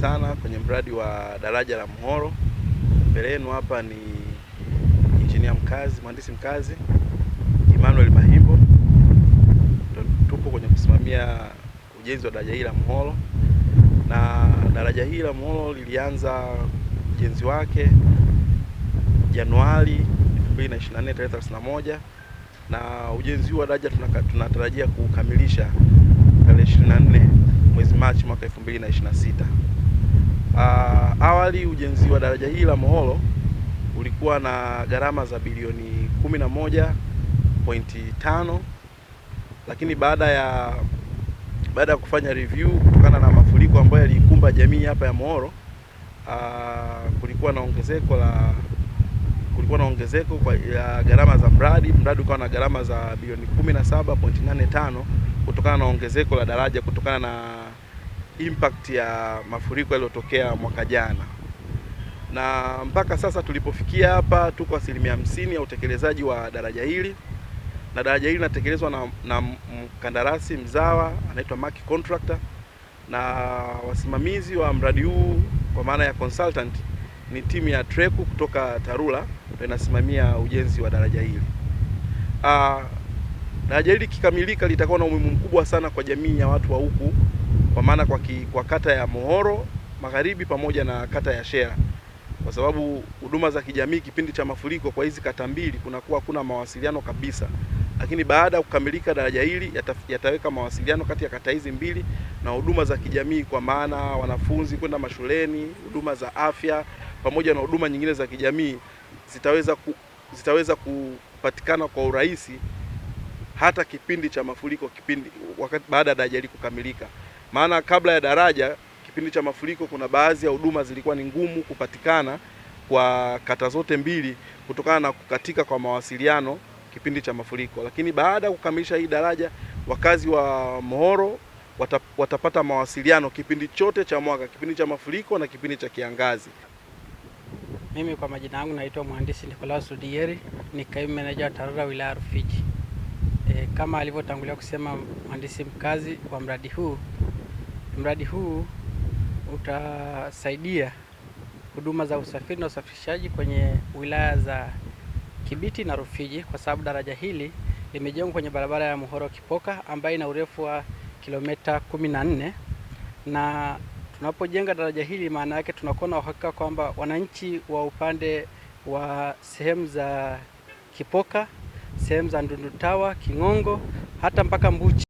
sana kwenye mradi wa daraja la Mhoro. Mbele yenu hapa ni injinia mkazi, mhandisi mkazi Emmanuel Mahimbo, tupo kwenye kusimamia ujenzi wa daraja hili la Mhoro, na daraja hili la Mhoro lilianza ujenzi wake Januari 2024 tarehe 31 na ujenzi huu wa daraja tunatarajia kukamilisha tarehe 24 mwezi Machi mwaka 2026. Uh, awali ujenzi wa daraja hili la Moholo ulikuwa na gharama za bilioni 11.5, lakini baada ya baada ya kufanya review kutokana na mafuriko ambayo yaliikumba jamii hapa ya Moholo, uh, kulikuwa na ongezeko la kulikuwa na ongezeko kwa ya gharama za mradi. Mradi ukawa na gharama za bilioni 17.85 kutokana na ongezeko la daraja kutokana na impact ya mafuriko yaliyotokea mwaka jana, na mpaka sasa tulipofikia hapa tuko asilimia hamsini ya utekelezaji wa daraja hili, na daraja hili linatekelezwa na, na mkandarasi mzawa anaitwa Maki Contractor, na wasimamizi wa mradi huu kwa maana ya consultant ni timu ya Treku kutoka Tarura ndio inasimamia ujenzi wa daraja hili. Uh, na jadi likikamilika litakuwa na umuhimu mkubwa sana kwa jamii ya watu wa huku, kwa maana kwa, kwa kata ya Mohoro Magharibi pamoja na kata ya Shera, kwa sababu huduma za kijamii kipindi cha mafuriko kwa hizi kata mbili kunakuwa hakuna mawasiliano kabisa, lakini baada ya kukamilika daraja hili yata, yataweka mawasiliano kati ya kata hizi mbili na huduma za kijamii, kwa maana wanafunzi kwenda mashuleni, huduma za afya pamoja na huduma nyingine za kijamii zitaweza ku, zitaweza kupatikana kwa urahisi hata kipindi cha mafuriko, kipindi wakati baada ya daraja kukamilika. Maana kabla ya daraja, kipindi cha mafuriko, kuna baadhi ya huduma zilikuwa ni ngumu kupatikana kwa kata zote mbili kutokana na kukatika kwa mawasiliano kipindi cha mafuriko. Lakini baada ya kukamilisha hii daraja, wakazi wa Mohoro watapata mawasiliano kipindi chote cha mwaka, kipindi cha mafuriko na kipindi cha kiangazi. Mimi kwa majina yangu naitwa Mhandisi Nicolas Dieri, ni kaimu meneja wa TARURA wilaya Rufiji. E, kama alivyotangulia kusema mhandisi mkazi wa mradi huu, mradi huu utasaidia huduma za usafiri na usafirishaji kwenye wilaya za Kibiti na Rufiji kwa sababu daraja hili limejengwa kwenye barabara ya Muhoro Kipoka ambayo ina urefu wa kilomita 14 na tunapojenga daraja hili, maana yake tunakuwa na uhakika kwamba wananchi wa upande wa sehemu za Kipoka sehemu za Ndundutawa, King'ongo hata mpaka Mbuchi.